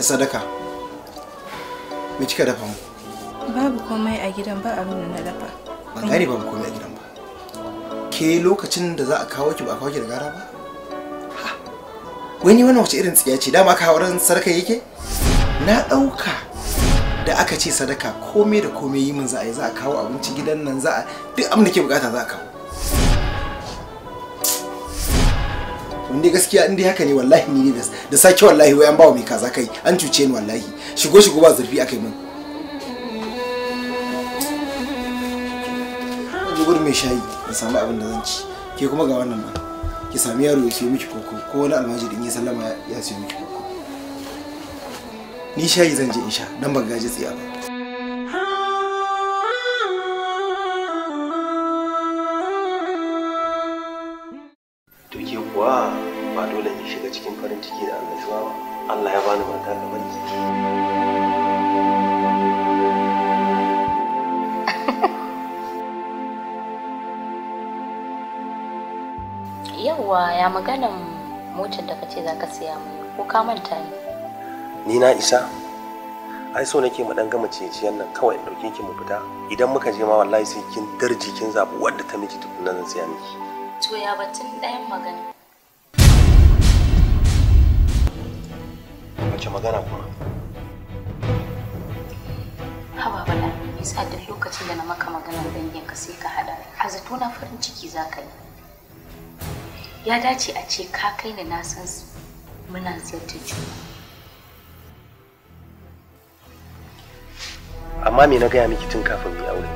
ya sadaka me kika dafa mu babu komai a gidan ba abin da na dafa ban gane babu komai a gidan ba ke lokacin da za a kawo ki ba a kawo ki da gara ba wani wannan wace irin tsiya ce dama ka hauren sarkai yake na ɗauka da aka ce sadaka komai da komai yi min za a yi za a kawo abinci gidan nan za a duk abin da ke bukata za a kawo inda gaskiya inda haka ne wallahi ni ne da sake wallahi wai an bawa mai kaza kai an cuce ni wallahi shigo shigo ba zurfi akai min gudu mai shayi da samu abin da zan ci ke kuma ga wannan nan ki sami yaro ya siyo miki koko ko wani almajiri in ya sallama ya siyo miki koko ni shayi zan je in sha dan ban gaji tsiya ba kuwa ba dole in shiga cikin farin ciki da annashuwa ba Allah ya bani mata da ciki. Yawwa ya maganan motar da kace za siya mu ko ka manta ni? Ni na isa. ai so nake mu dan gama ciyaciyan nan kawai in dauke ki mu fita idan muka je ma wallahi sai kin darji kin zabi wadda ta miki tukunan zan siya miki to ya batun dayan magana wace magana kuma Hawa bala me yasa duk lokacin da na maka maganar dangin ka sai ka hada a zato na farin ciki za ka yi ya dace a ce ka kai da na san muna ziyartar juna amma me na gaya miki tun kafin yi aure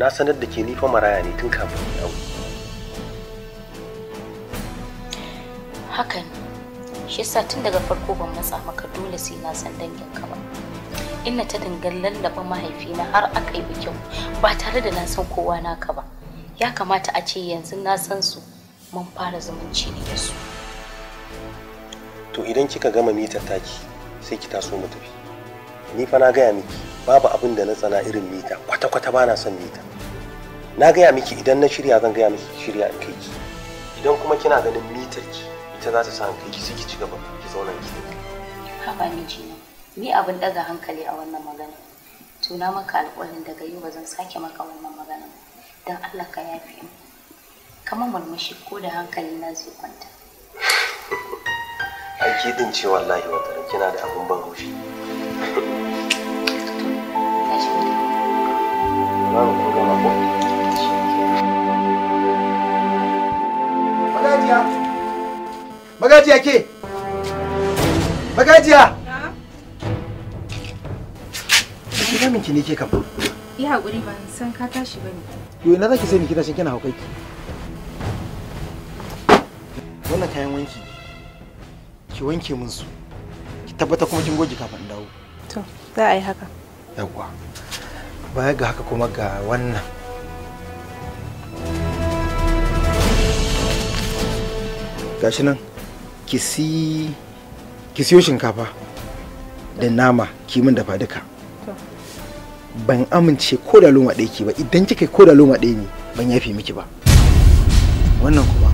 na sanar da ke nifa maraya ne tun kafin yi aure hakan shi yasa tun daga farko ban matsa maka dole sai na san dangin ka ba ina ta dangar lallaba mahaifina har aka yi bikin ba tare da na san kowa naka ba ya kamata a ce yanzu na san su mun fara zumunci ne da su to idan kika gama mitar taki sai ki taso mu tafi ni fa na gaya miki babu abin da na tsana irin mita kwata-kwata ba na son mita na gaya miki idan na shirya zan gaya miki shirya in kai ki idan kuma kina ganin mitar ki ita za ta samu kai ki ci gaba ki zauna ki haba miji ne ni abin daga hankali a wannan magana tuna maka alƙawarin daga yau ba zan sake maka wannan magana don Allah ka yafe mu kamar murmushi ko da hankali na zai kwanta ake din ce wallahi wata kina da abin ban haushi Thank you. Magajiya ke? Magajiya? Ki ga minki ne ke kam. Yi hakuri ban san ka tashi bane. Yo ina zaki sani kina tashi kina haukai ki. Wannan kayan wanki. Ki wanke min su. Ki tabbata kuma kin goge kafin dawo. To, za a yi haka. Yawwa. Baya ga haka kuma ga wannan. Gashi nan. ki siyo shinkafa da nama kimin dafa duka ban amince ko da loma ɗaya ke ba idan kika ko da loma ɗaya ne ban yafe miki ba wannan kuma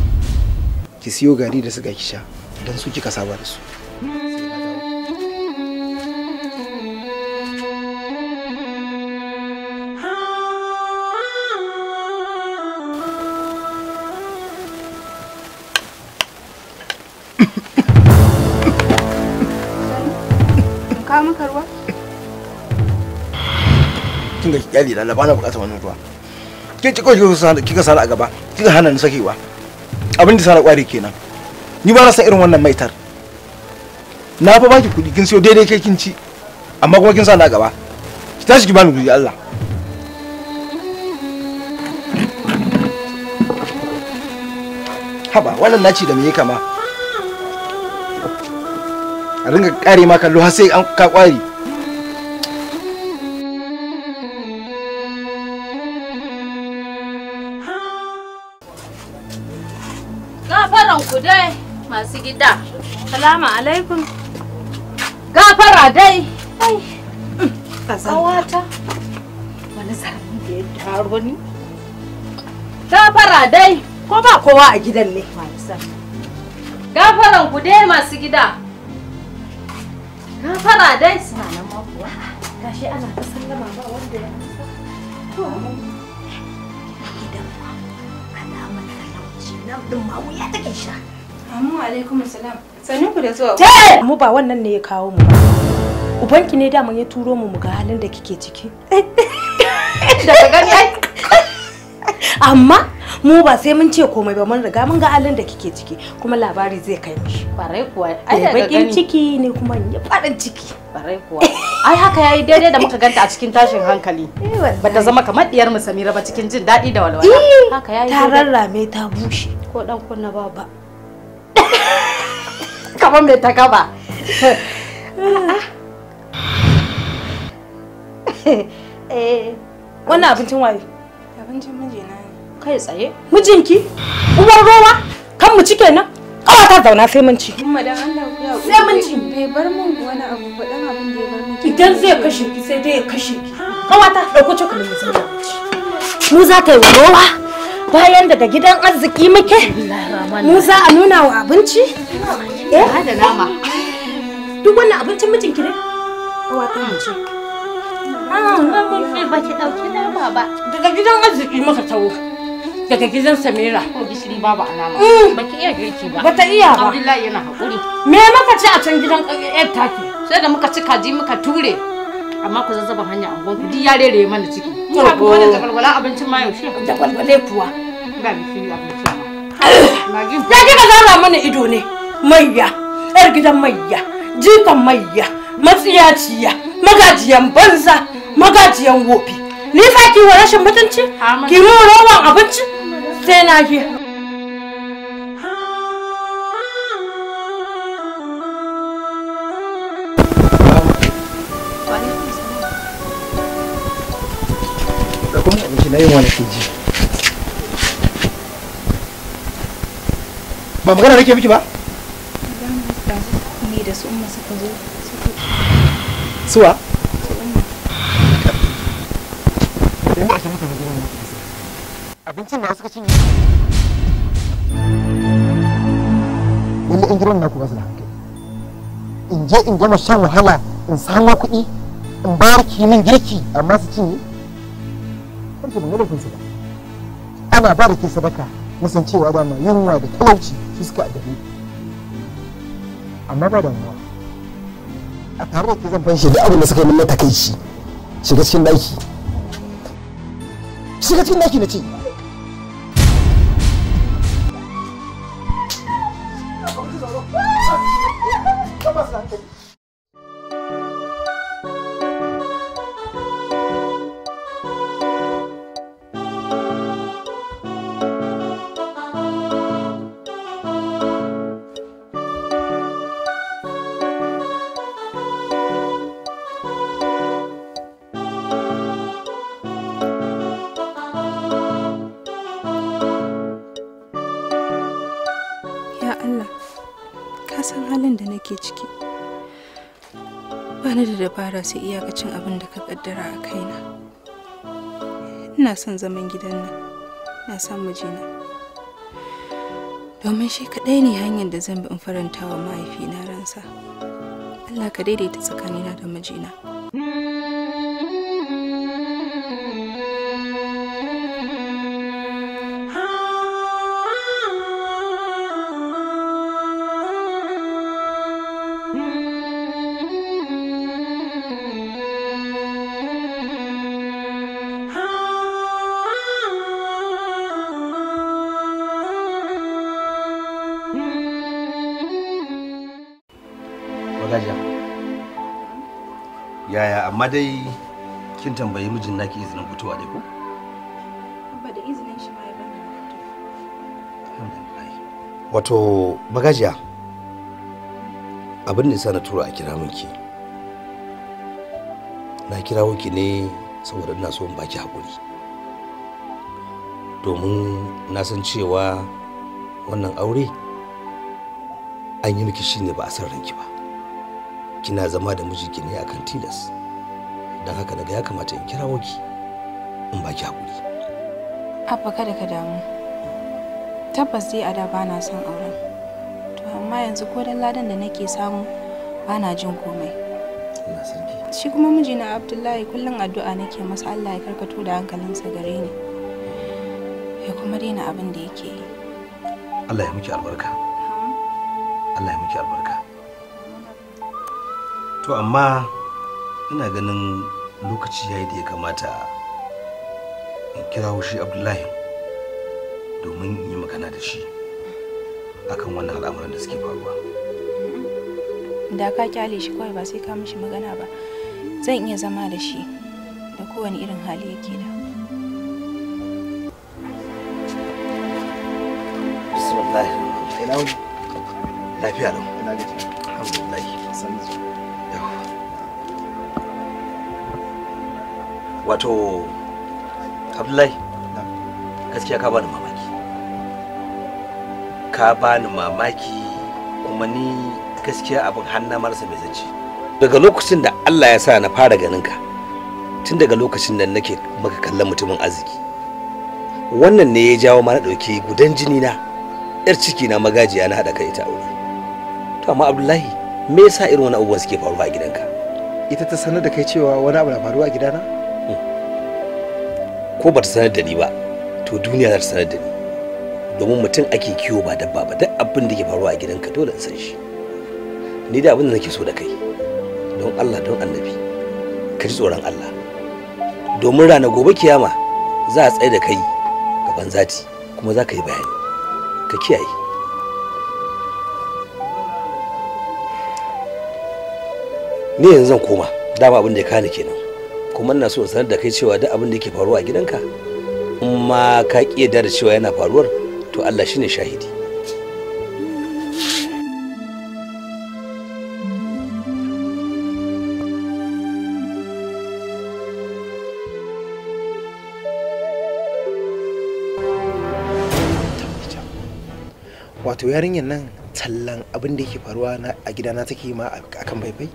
ki siyo gari da suga ki sha don su kika saba da su kyale da ba na bukatar wannan ruwa kin ci kawai kika sara a gaba kika hana ni sakewa abin da sara kware kenan ni ba na san irin wannan maitar na fa baki kuɗi kin siyo daidai kai kin ci amma kuma kin sa a gaba ki tashi ki bani kuɗi Allah haba wannan naci da meye kama a ringa kare ma kallo har sai an ka kwari masu gida. Salamu alaikum. Gafara dai. Ai, kawata. Wani sami da ya taro ni. Gafara dai. Ko ba kowa a gidan ne? Gafaran ku dai masu gida. Gafara dai. Suna nan ma kuwa. Gashi ana ta sallama ba wanda ya amsa. To. Gidan ma alamar talauci nan ɗin ma wuya take sha. Amma alaikum salam. Sanin ku da zuwa. Mu ba wannan ne ya kawo mu. Ubanki ne daman ya turo mu mu ga halin da kike ciki. Daga gani ai. Amma mu ba sai mun ce komai ba mun riga mun ga halin da kike ciki kuma labari zai kai mishi barai kuwa ai daga bakin ciki ne kuma ya farin ciki barai kuwa ai haka yayi daidai da muka ganta a cikin tashin hankali eh, ba ta zama kamar diyar mu Samira ba cikin jin daɗi da walwala haka yayi ta rarrame ta bushe ko dan kunna ba ba fa me ta Eh, wannan abincin waye abincin mijina ne kai tsaye mijinki uwar rowa kan mu cike nan kawa ta zauna sai mun ci kuma dan Allah ya sai mun ci bai bar mun wani abu ba dan abin da ya bar mun idan zai kashe ki sai dai ya kashe ki kawa ta dauko cokalin mu sai mu za ka yi rowa bayan daga gidan arziki muke mu za a nuna wa abinci eh da nama duk wannan abincin mijinki ne wata mace ah, ah, ah, ba ki dauki nama ba daga gidan arziki maka tawo daga gidan samira ko gishiri babu alama mm. ba ki iya girki ba bata iya ba abdullahi yana hakuri me muka ci a can gidan yar eh, taki sai da muka ci kaji muka ture amma ku zazzaban hanya angon ku duk ya rere mana ciki mu ka kuma da zagalwala abincin ma yaushe da kuwa ga bishiri abincin ma Magi ba zara mana ido ne. mayya yar gidan mayya jikan mayya matsiyaciya magajiyan banza magajiyan wofi ni fa ki wa rashin mutunci ki mu rawan abinci sai na ki na yin wani keji miki ba da su suwa lalle in gidan da hankali in je in gama shan wahala in samo kuɗi in bayar kimin girki amma su cinye kanta ban ba ana ba da ke sadaka musan cewa yunwa da talauci su suka addabi amma ba damuwa a tare da zan fanshi da abin da suka yi min na takaici shiga cikin daki shiga cikin daki na ce fara sai iyakacin abin da ka kaddara a kaina ina son zaman gidan nan na san mijina domin shi kaɗai ne hanyar da zan bi in faranta wa mahaifina ransa Allah ka daidaita tsakanina da mijina. amma dai kin tambayi mijin naki izinin fitowa dai ko ba da izinin shi ma ya bani wato magajiya abin ne na tura a kira minki na kira ki ne saboda ina so in baki hakuri domin na san cewa wannan aure an yi miki shine ba a san ranki ba kina zama da mijinki ne akan tilas don haka daga ya kamata in kira ki in baki hakuri. Abba kada ka damu. Tabbas dai a da ba na son auren. To amma yanzu ko dan ladan da nake samu ba na jin komai. Shi kuma mijina Abdullahi kullum addu'a nake masa Allah ya karkato da hankalinsa gare ni. Ya kuma daina abin da yake yi. Allah ya miki albarka. Allah ya miki albarka. To amma ina ganin lokaci ya yi da ya kamata in kira shi abdullahi domin in yi magana da shi akan wannan al'amuran da suke faruwa da ka kyale shi kawai ba sai ka mishi magana ba zan iya zama da shi da kowane irin hali yake da bismillah lafiya lau wato abdullahi gaskiya ka bani mamaki ka bani mamaki kuma ni gaskiya abin hannu marasa mai zance daga lokacin da allah ya sa na fara ganin ka tun daga lokacin da nake maka kallon mutumin arziki wannan ne ya jawo mana ɗauki gudan jini na yar ciki na magajiya na haɗa kai ta aure to amma abdullahi me yasa irin wani abubuwan suke faruwa a gidanka ita ta sanar da kai cewa wani abu na faruwa a gidana ko bata sanar da ni ba to duniya za ta sanar da ni domin mutum ake kiwo ba dabba ba duk abin da ke faruwa a gidanka dole in san shi ni da abin da nake so da kai don Allah don annabi ka ji tsoron Allah domin rana gobe kiyama za a tsaye da kai gaban zati kuma za ka yi bayani ka kiyaye ni yanzu zan koma dama abin da ya kana kenan kuma ina so sanar da kai cewa duk abin da yake faruwa a gidanka in ma ka kiyada da cewa yana faruwar to Allah shine shahidi wato yarinyar nan tallan abin da yake faruwa a gidana take ma akan faifai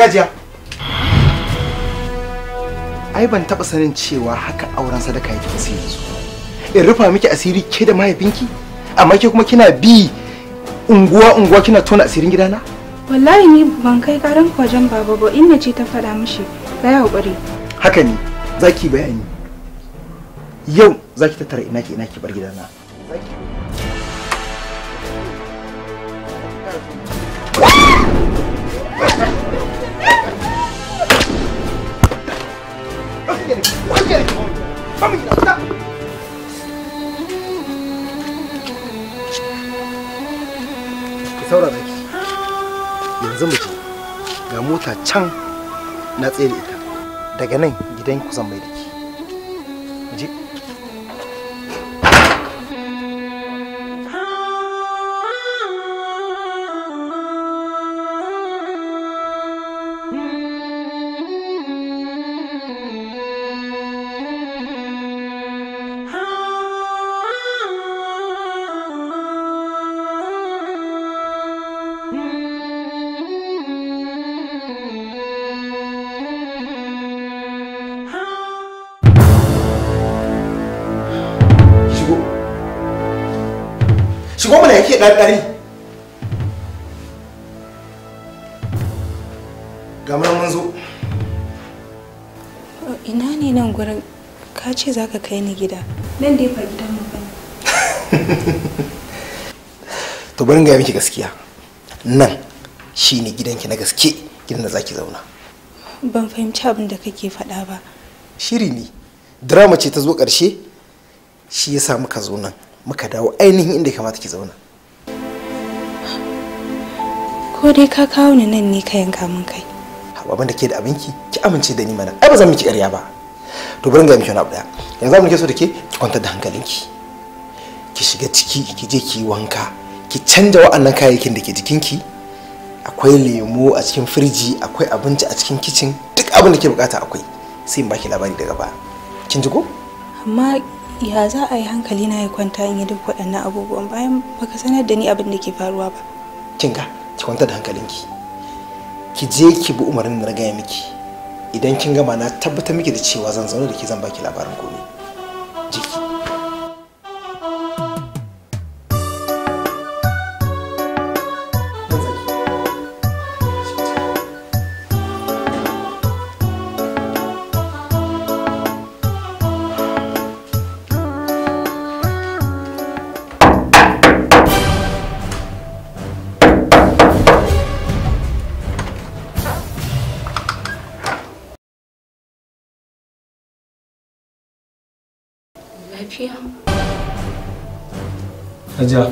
gajiya. Ai ban taɓa sanin cewa haka auren sadaka yake sai yanzu. In rufa miki asiri ke da mahaifinki, amma ke kuma kina bi unguwa unguwa kina tona asirin gidana? Wallahi ni ban kai karan wajen baba ba inda ce ta faɗa mishi. Kai haƙuri. Haka ne, zaki bayani. Yau zaki tattara ina ki ina ki bar gidana. Thank can na tsere ita daga nan gidan kusan zan mai da ke ɗarɗari gamar mun zo ina ne nan gurin ka ce za ka kai ni gida nan dai ba gidan mu bane to bari ga miki gaskiya nan shine gidanki na gaske gidan da zaki zauna ban fahimci abin da kake faɗa ba shiri ne drama ce ta zo ƙarshe shi ya sa muka zo nan muka dawo ainihin inda kamata ki zauna ko dai ka kawo ni nan ne ka yanka min kai abin da ke da abinki ki amince da ni mana ai ba zan miki ƙarya ba to bari ga miki wani abu daya yanzu abin da ke so da ke ki kwantar da hankalinki ki shiga ciki ki je ki wanka ki canja wa'annan kayayyakin da ke jikinki akwai lemo a cikin firiji akwai abinci a cikin kicin duk abin da ke bukata akwai sai in baki labari daga ba kin ji ko amma ya za a yi hankali na ya kwanta in yi duk waɗannan abubuwan bayan baka sanar da ni abin da ke faruwa ba kin ga ki kwanta da hankalinki ki je ki bi umarnin da na gaya miki idan kin gama na tabbatar miki da cewa zan zauna da ki zan baki labarin komai jiki lafiya.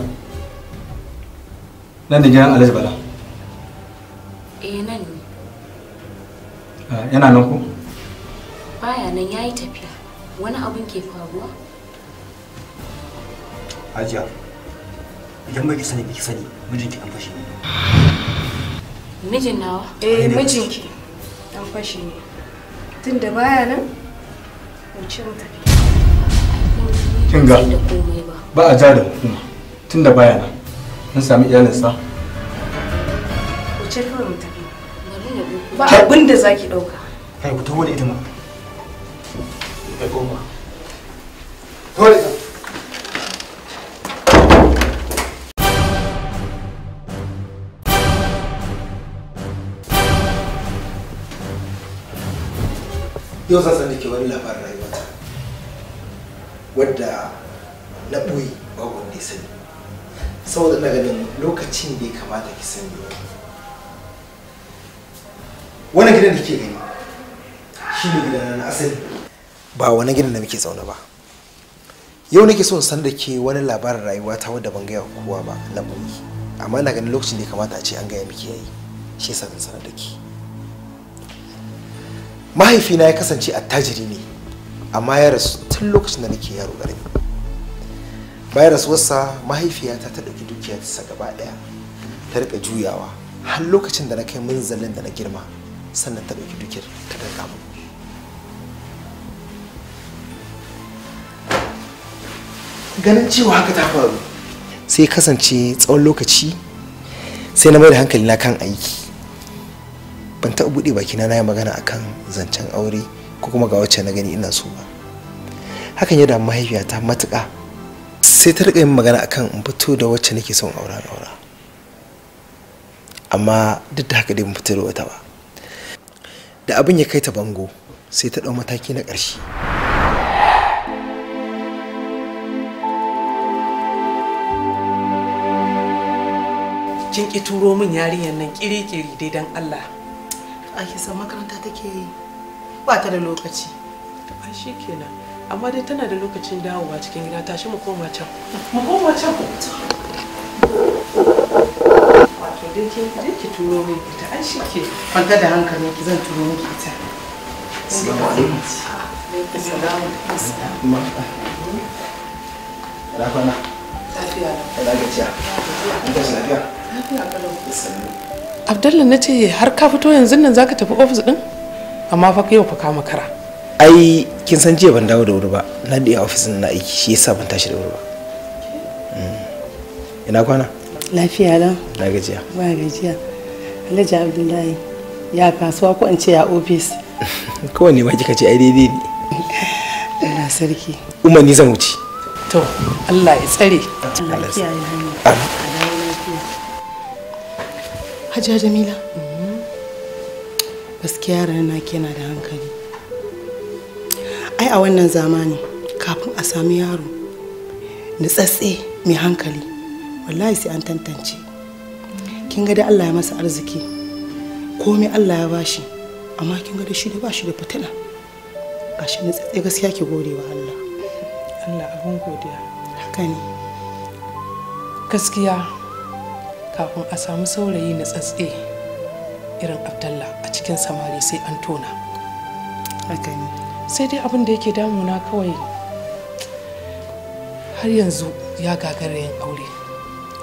nan da gidan Alhaji Bala. Eh nan ne. Ah, yana nan ko? Baya nan ya yi tafiya. Wani abin ke faruwa? Hajiya, idan ki sani ki sani ki an fashe ne. Mijin nawa? Eh mijinki an fashe ne. Tunda baya nan, mu ce mu tafi. kin ga ba a ja da hukuma tunda baya nan mun sami iyalinsa wuce kawai mu ba abin da zaki dauka kai ku tawo da ita ma kai goma tawo da ita yau zan san da ke wani labarin wadda na ɓoye ba wanda ya sani saboda na ganin lokacin da ya kamata ki sani wani gidan da ke gani shi ne gidan na asali ba wani gidan da muke zaune ba yau nake son san da ke wani labarin rayuwa ta wadda ban gaya kowa ba na ɓoye amma na ganin lokacin da ya kamata a ce an gaya miki yayi shi yasa zan sanar da ke mahaifina ya kasance attajiri ne amma ya tun lokacin da nake yaro ƙarami bayan rasuwarsa mahaifiyata ta ɗauki dukiyarsa gaba ɗaya ta riƙa juyawa har lokacin da na kai munzalin da na girma sannan ta ɗauki dukiyar ta ɗauka mu ganin cewa haka ta faru sai kasance tsawon lokaci sai na mai da hankali na kan aiki ban taɓa buɗe bakina na yi magana akan zancen aure ko kuma ga wacce na gani ina so ba hakan ya damu mahaifiyata matuƙa sai ta riƙa yin magana akan in fito da wacce nake son aura aura amma duk da haka dai mun fito da wata ba da abin ya kai ta bango sai ta ɗau mataki na ƙarshe kin ki turo min yarinyar nan kiri-kiri dai don Allah. A san makaranta take yi. ba ta da lokaci ai shi kenan amma dai tana da lokacin dawowa cikin gida tashi mu koma can mu koma can wato dai ke je ki turo min ita ai shi ke Fanka da hankali ki zan turo miki ita assalamu alaikum rafana Abdallah na ce har ka fito yanzu nan zaka tafi ofis din? amma fa yau fa kama makara ai kin san jiya ban dawo da wuri ba na da ofisin na aiki shi yasa ban tashi da wuri ba hmm. ina kwana lafiya lau na gajiya ba gajiya alhaji abdullahi ya kasuwa ko in ce ya ofis kowane ma kika ce ai daidai ne Allah sarki umar ni zan wuce to Allah ya tsare Allah ya kiyaye hanya Hajiya Jamila gaskiya yaran na da hankali ai a wannan zamani kafin a sami yaro nutsatse mai hankali wallahi sai an tantance kin ga da Allah ya masa arziki komai Allah ya bashi amma kin ga da shi da bashi da fitina gashi nutsatse gaskiya ki gode wa Allah Allah abin godiya haka ne gaskiya kafin a samu saurayi tsatse irin Abdallah a cikin samari sai an tona sai dai abin da yake na kawai har yanzu ya gagara yin aure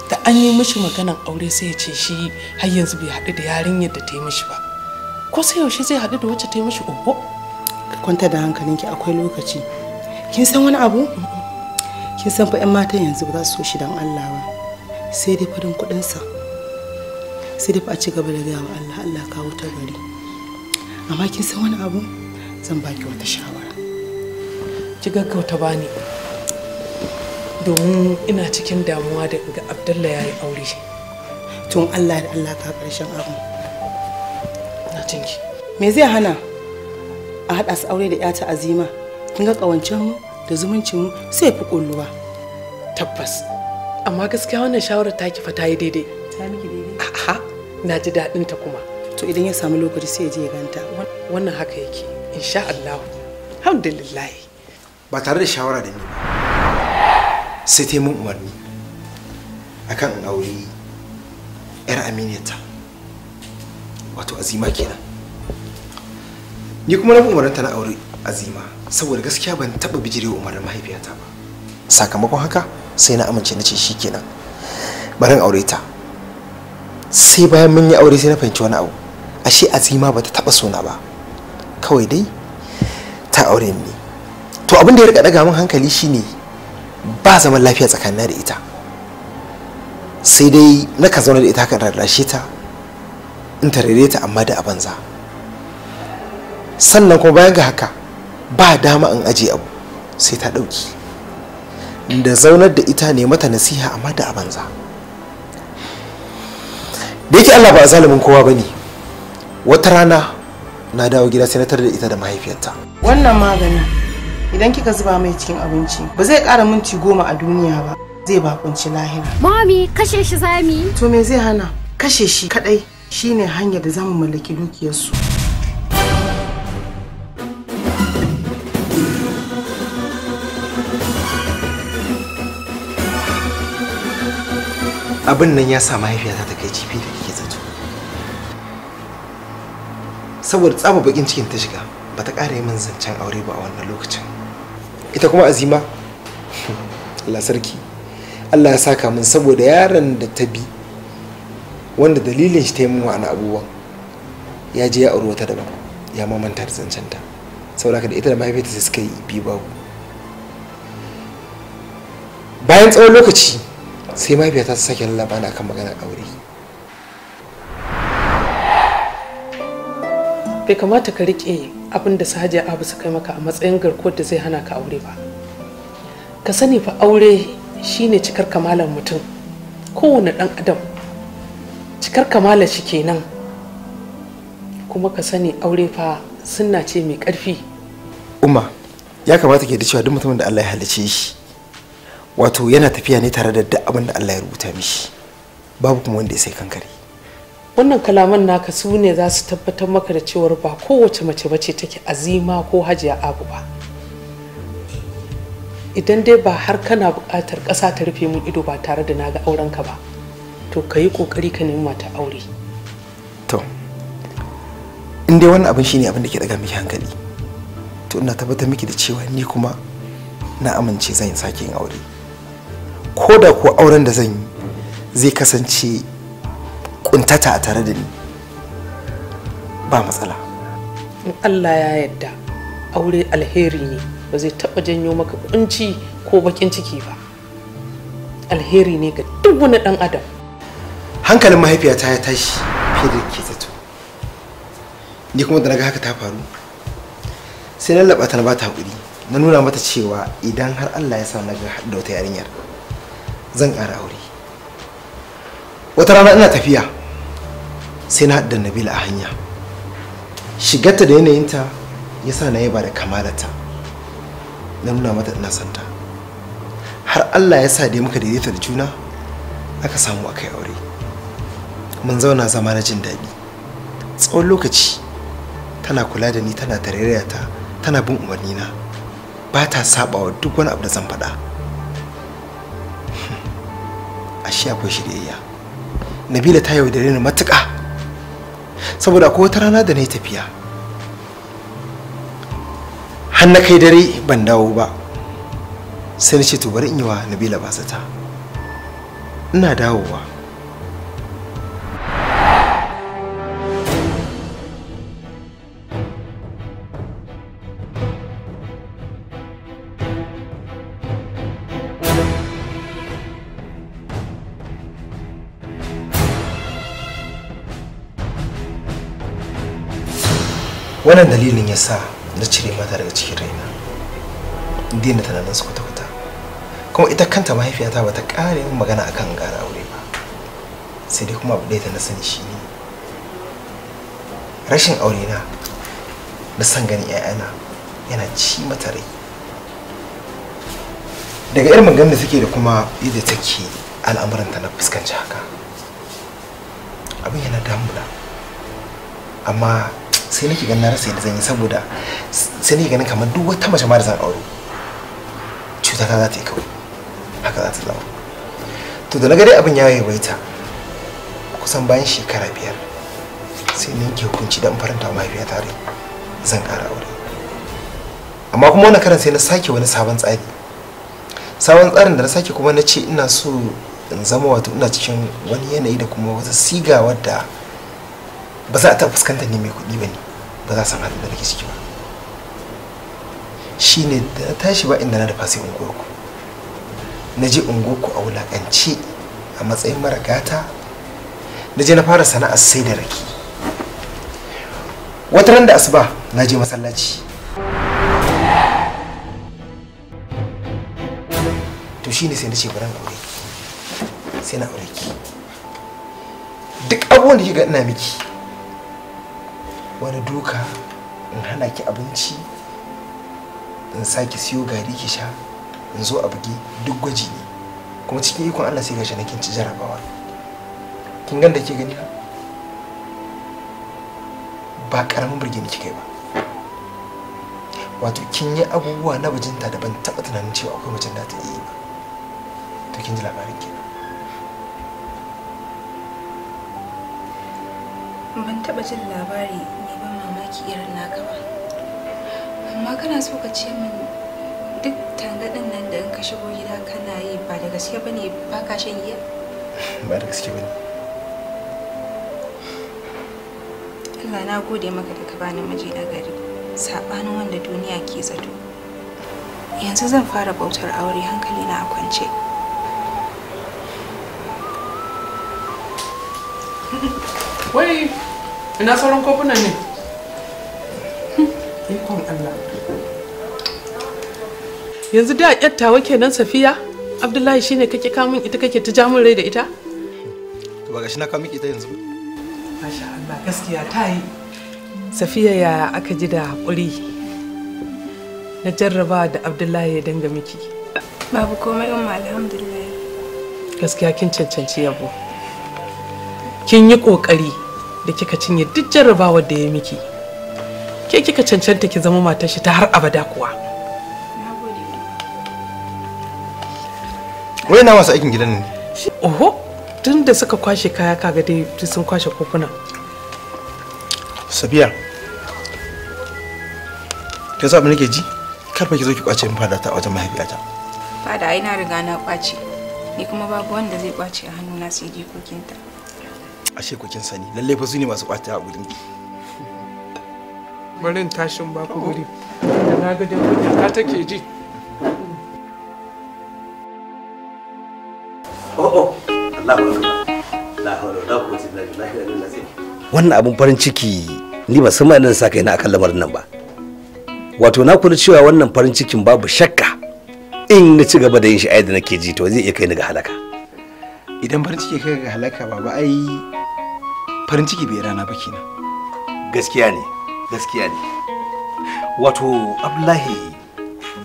da an yi mishi maganan aure sai ya ce shi har yanzu bai haɗu da yarinyar da ta yi mishi ba ko sai yaushe zai haɗu da wacce ta yi mishi oho ka kwanta da hankalinki akwai lokaci kin san wani abu kin san fa 'yan matan yanzu ba za su so shi don allah ba sai dai farin kuɗinsa sai dai a ci gaba da gaya wa Allah Allah kawo ta gari amma kin san wani abu zan baki wata shawara ki gaggauta bani domin ina cikin damuwa da ga Abdullahi yayi aure tun Allah da Allah ka karshen abu na tinki me zai hana a haɗa su aure da 'yata azima kin ga ƙawancen mu da zumuncin mu sai fi kulluwa tabbas amma gaskiya wannan shawara ta fa ta yi daidai ta miki na ji daɗin ta kuma to idan ya samu lokaci sai ya je ya ganta wannan haka yake insha Allah alhamdulillah ba tare da shawara da ni ba sai ta mun umarni a kan in aure yar aminiyata wato azima kenan ni kuma na umaranta na aure azima saboda gaskiya ban taɓa bijire umarnin mahaifiyata ba sakamakon haka sai na amince na ce shi kenan barin aure ta sai bayan mun yi aure sai na fahimci wani abu ashe azima bata taba sona ba kawai dai ta aure ni to abin da ya rika daga min hankali shine ba zaman lafiya tsakanina da ita sai dai na ka zauna da ita haka rarrashe ta in tarere ta amma da a banza sannan kuma bayan ga haka ba dama in aje abu sai ta ɗauki da zaunar da ita ne mata nasiha amma da a banza. da yake Allah ba a zalimin kowa ba ne wata rana na dawo gida sai na da ita da mahaifiyarta wannan maganin idan kika zuba mai cikin abinci ba zai kara minti goma a duniya ba zai bakunci lahira mami kashe shi zami to me zai hana kashe shi kadai shine hanyar da zamu mallaki dukiyarsu abin nan ya sa mahaifiyata ta kai cifi da kike zato saboda tsaba bakin cikin ta shiga ba ta ƙara min zancen aure ba a wannan lokacin ita kuma azima Allah sarki Allah ya saka min saboda yaron da ta bi wanda dalilin shi ta yi min wa'ana abubuwan ya je ya auri wata daban ya mamanta da zancen ta saboda da ita da mahaifiyarta sai suka yi bi babu bayan tsawon lokaci sai mafiya ta sake lalaba na kan maganar aure bai kamata ka riƙe abin da sahajiya abu su kai maka a matsayin garkuwar da zai hana ka aure ba ka sani fa aure shine cikar kamalar mutum kowane ɗan adam cikar kamalar shi kenan kuma ka sani aure fa suna ce mai ƙarfi umma ya kamata ke da cewa duk mutumin da Allah ya halicce shi wato yana tafiya ne tare da duk abin da Allah ya rubuta mishi babu kuma wanda ya sai kankare wannan kalaman naka su ne za su tabbatar maka da cewar ba kowace mace bace take azima ko hajiya abu ba idan dai ba har kana buƙatar ƙasa ta rufe mun ido ba tare da na ga aurenka ba to ka yi ƙoƙari ka nemi mata aure to in dai wannan abin shine abin da ke daga miki hankali to ina tabbatar miki da cewa ni kuma na amince zan sake yin aure ko da kuwa auren da zan yi zai kasance kuntata a tare da ni ba matsala in allah ya yadda aure alheri ne ba zai taɓa janyo maka kunci ko bakin ciki ba alheri ne ga duk wani ɗan adam hankalin mahaifiyata ya tashi fiye da ke zato ni kuma da naga haka ta faru sai na labata ta na ba ta hakuri na nuna mata cewa idan har allah ya sa na ga da wata yarinyar zan ƙara aure wata rana ina tafiya sai na da nabila a hanya shigarta da yanayinta ya sa na yaba da kamalata na nuna mata ina santa har allah ya sa da muka daidaita da juna aka samu akai kai aure mun zauna zama na jin daɗi tsawon lokaci tana kula da ni tana tarayyata ta tana bin umarnina ba ta saba duk wani abu da zan faɗa ashe akwai shiryayya nabila ta yaudare ni matuƙa saboda akwai wata rana da na yi tafiya har na kai dare ban dawo ba sai na ce to bari in yi wa nabila ba ina dawowa wannan dalilin ya sa na cire mata daga cikin raina daina tunanin su kwata-kwata kuma ita kanta mahaifiyata ba ta ƙara yin magana akan gara aure ba sai dai kuma abu ɗaya ta na sani shi ne rashin aure na na san gani ƴaƴana yana ci mata rai daga irin maganar da take da kuma yadda take al'amuranta na fuskanci haka abin yana damuna amma sai nake ganin na rasa yadda zan yi saboda sai nake ganin kamar duk wata mace ma da zan aure cuta ta za ta yi kawai haka za ta zama to da na ga dai abin ya yawaita kusan bayan shekara biyar sai na ke hukunci da faranta mahaifiya tare zan ƙara aure amma kuma wani karan sai na sake wani sabon tsari sabon tsarin da na sake kuma na ce ina so in zama wato ina cikin wani yanayi da kuma wata siga wadda ba za a taɓa fuskantar ni mai kuɗi ba ne ba za a san halin da nake ciki ba shi ne da tashi ba inda na dafa unguwar ku na je ku a wulaƙance a matsayin mara gata na je na fara sana'ar sai da rake wata ran da asuba na je masallaci to shine sai na ce bari aure sai na aure ki duk abubuwan da kika ina miki wani duka in hana ki abinci in sake siyo gari ki sha in zo a bugi duk gwaji ne kuma cikin ikon Allah sai gashi kin ci jarabawa kin ganda ke gani ba karamin burgeni kike ba wato kin yi abubuwa na bajinta da ban taɓa tunanin cewa akwai macen da ta yi ba to kin ji labarin kenan ban taɓa jin labari aiki irin na gaba amma kana so ka ce min duk tangaɗin nan da in ka shigo gida kana yi ba da gaske ba ne ba ka shan giya ba da gaske ba ne Allah na gode maka da ka bani miji na gari saɓanin wanda duniya ke zato yanzu zan fara bautar aure hankali na a kwance wai ina sauran kofunan ne ikon Allah yanzu da yattawa kenan safiya abdullahi shine kake kamun ita kake ta jamun rai da ita to ba gashi na kamun ita yanzu masha Allah gaskiya ta yi safiya ya aka ji da kuri. na jarraba da abdullahi ya danga miki babu komai umma alhamdulillah gaskiya kin cancanci yabo kin yi kokari da kika cinye duk jarrabawar da ya miki ke kika cancanta ki zama matar shi ta har abada kuwa wai na masu aikin gidan ne oho tun da suka kwashe kaya kaga dai sun kwashe kofuna sabiya ka sa nake ji karfa ki zo ki kwace min fada ta wajen mahaifiyata fada ai na riga na kwace ni kuma babu wanda zai kwace a hannuna sai kokinta ashe kokin sani lalle fa su ne masu kwace a gudun barin tashin ba ku guri na ga da ta take ji wannan abun farin ciki ni ba san da nan kai na akan lamarin nan ba wato na kula cewa wannan farin cikin babu shakka in na ci gaba da yin shi a yadda nake ji to zai iya kai ni ga halaka idan farin ciki kai ga halaka ba ai farin ciki bai rana ba kenan gaskiya ne gaskiya ne wato ablahi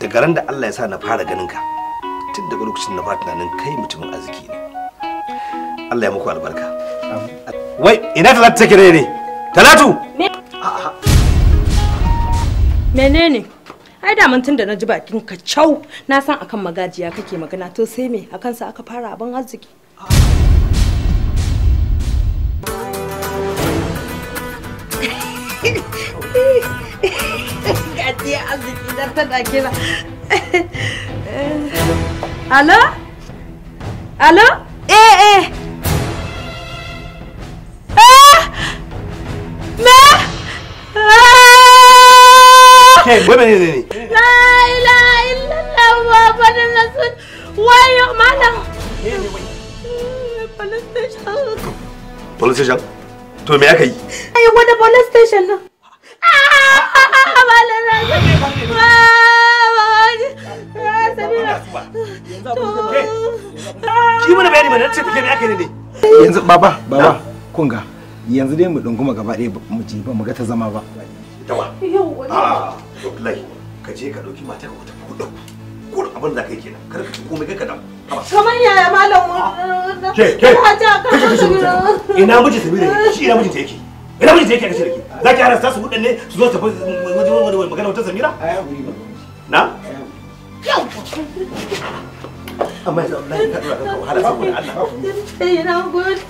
daga ran da allah ya sa na fara ganin ka tun daga lokacin na fara tunanin kai mutumin arziki ne allah ya muku albarka wai ina talatu take ne ne talatu menene ai da mun tunda na ji bakin ka cau na san akan magajiya kake magana to sai me akan sa aka fara abin arziki idan tana kira alo alo eh eh me kai wai menene ne la ilaha illallah muhammadun rasul wayo malam police station to me aka yi ai police station Ki mana bayani mana ce tafiya me ake ne ne? Yanzu baba baba kun ga yanzu dai mu dunguma gaba ɗaya mu ji ba mu ga ta zama ba. Ah, ka je ka dauki ka wuta ku dau. abin da kai kenan kar ka komai kai ka dau. Kamar yaya malam. Ke ke. Ina miji Samira shi ina miji ta yake. ina miji yake kashe da ke za ki harasta su hudan ne su zo su waje wajen wani magana wata samira na amma yanzu Allah ya kaɗura ka wahala saboda Allah sai na gode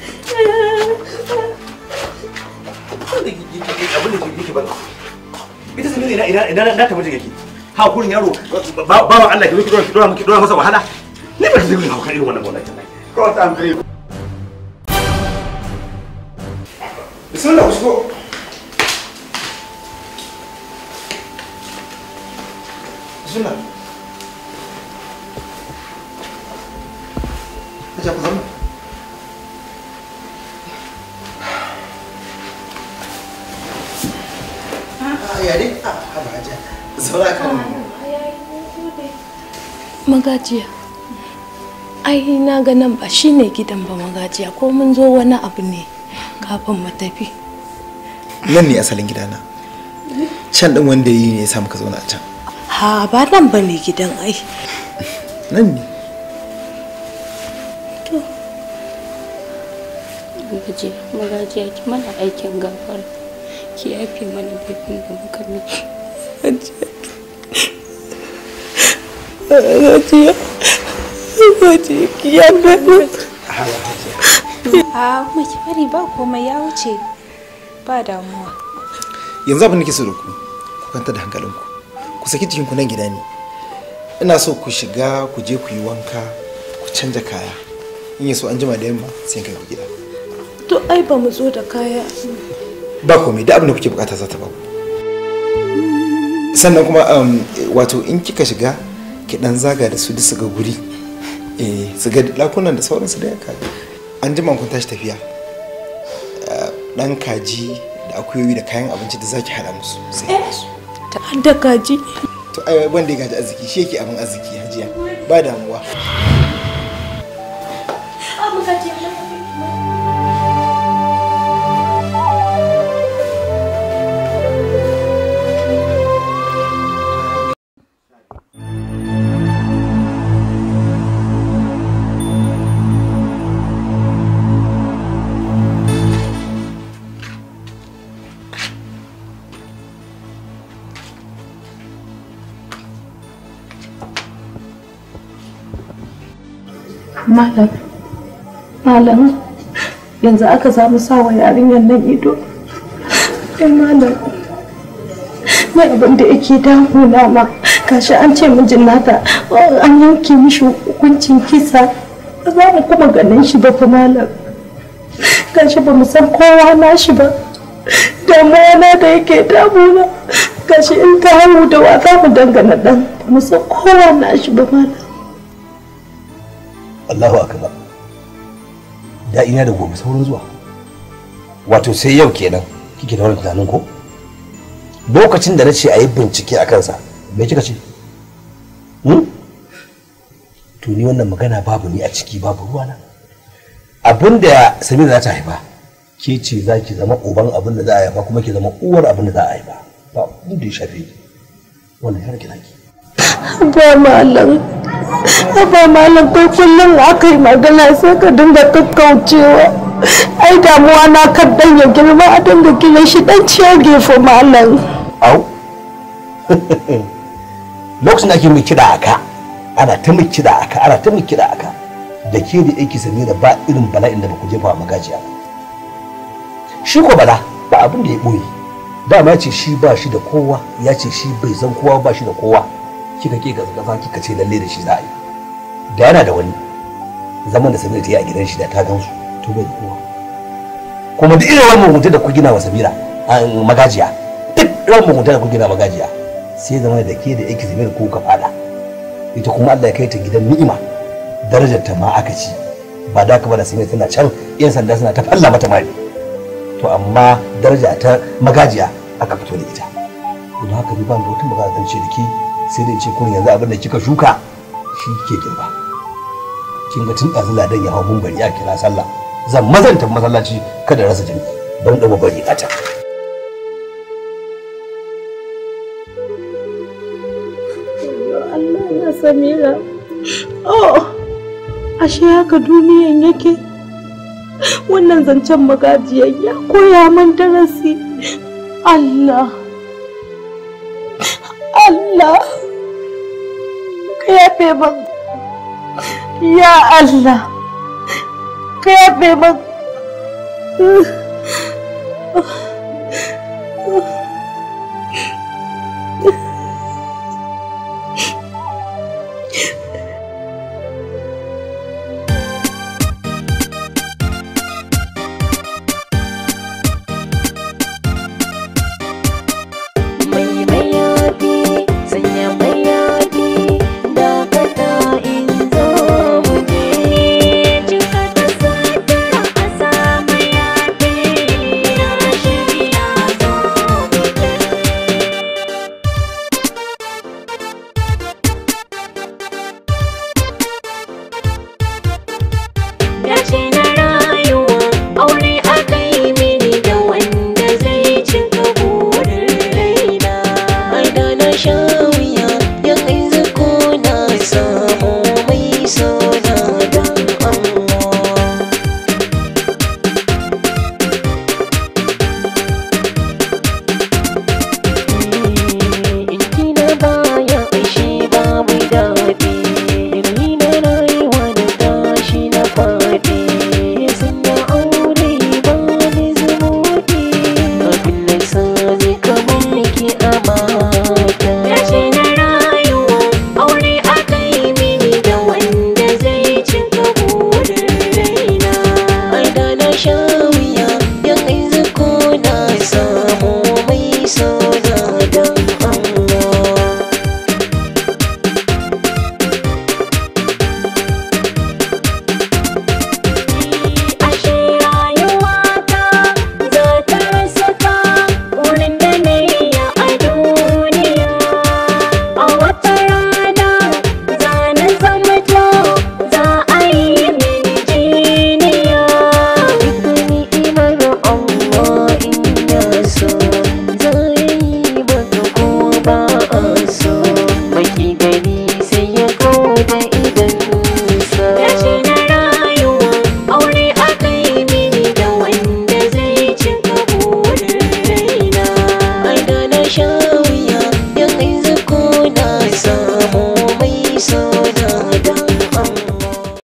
abin da ke yake ba ita samira ina ina ina na tafi yake ha kurin yaro ba ba Allah ki zo ki dora ki dora masa wahala ni ba ki zo ki hawka irin wannan gona wallahi ko ta amfani bismillah ku shigo ah, ah, Magajiya. ai na ganin ba shi ne gidan ba magajiya ko mun zo wani abu ne kafin mu tafi nan ne asalin gidana can ɗin wanda yi ne ya samu ka zauna a can ha ba nan ba ne gidan ai nan ne to magaji magaji ya ki mana aikin gafara ki yafe mana laifin da muka miki Magaji ya ki yafe mana a kuma ba komai ya wuce ba damuwa yanzu abin da ke so da ku ku kanta da hankalinku ku saki jikinku nan gida ne ina so ku shiga ku je ku yi wanka ku canja kaya in yi so an jima da yamma sai kai ku gida to ai ba mu zo da kaya ba komai da abin da kuke bukata za ta ba sannan kuma um, wato in kika shiga ki dan zaga da su duk su ga guri eh su ga lakunan da sauransu da ya kaga an jima kun tashi tafiya eh, ɗan kaji da akuyoyi da kayan abinci da zaki haɗa musu sai eh, ta da kaji to ai wanda ya gaji arziki shi yake abin arziki hajiya ba damuwa malam yanzu aka samu sawa yarin nan ido ai malam mai abin da yake damuna ma kashi an ce mijin nata an yanke mishi hukuncin kisa za mu kuma ganin shi ba fa malam kashi ba mu san kowa na shi ba damuwa na da yake damuna kashi in ta haihu da wa za mu dangana dan mu san kowa na shi ba malam Allahu akbar da ina da gobe saurin zuwa wato sai yau kenan kike da wani tunanin ko lokacin da na ce a yi bincike a kansa me kika ce hmm? to ni wannan magana babu ni a ciki babu ruwa abin da samira za ta haifa ke ce za ki zama uban abin da za a haifa kuma ki zama uwar abin da za a haifa ba inda ya shafe wannan yar ki zaki Aba malam aba malam kai kullum aka yi magana sai ka dinga kakkaucewa ai damuwa na kan dan ya girma a dinga kiran shi dan ciyar gefe malam au lokacin da ake mai kida aka ana ta mai kida aka ana ta mai kida aka da ke da yake sanye da ba irin bala'in da ba ku jefa magajiya ba shi ko bala ba abin da ya boye dama ce shi ba shi da kowa ya ce shi bai san kowa ba shi da kowa kika ke gaza kika ce lalle da shi za a yi da yana da wani zaman da Samira ta yi a gidan shi da ta gansu to bai kowa kuma duk irin wannan mutum da ku gina wa Samira magajiya duk irin mutum da ku gina magajiya sai zama da ke da yake Samira ko ka fada ita kuma Allah ya kai ta gidan ni'ima darajar ta ma aka ci ba da kuma da Samira tana can yan sanda suna ta falla mata mari to amma daraja ta magajiya aka fito da ita don haka ni ban da wata magana zan ce da ke sai dai ce kun yanzu abin da kika shuka shi ke girba kin ga tun ɗazu ladan ya hau mun bari a kira sallah zan mazanta masallaci kada rasa jami'i don ɗaga bari a can. Samira, oh, ashe haka duniyan yake. Wannan zancen magajiyar ya koya man darasi. Allah, Allah. ka yafe min ya Allah ka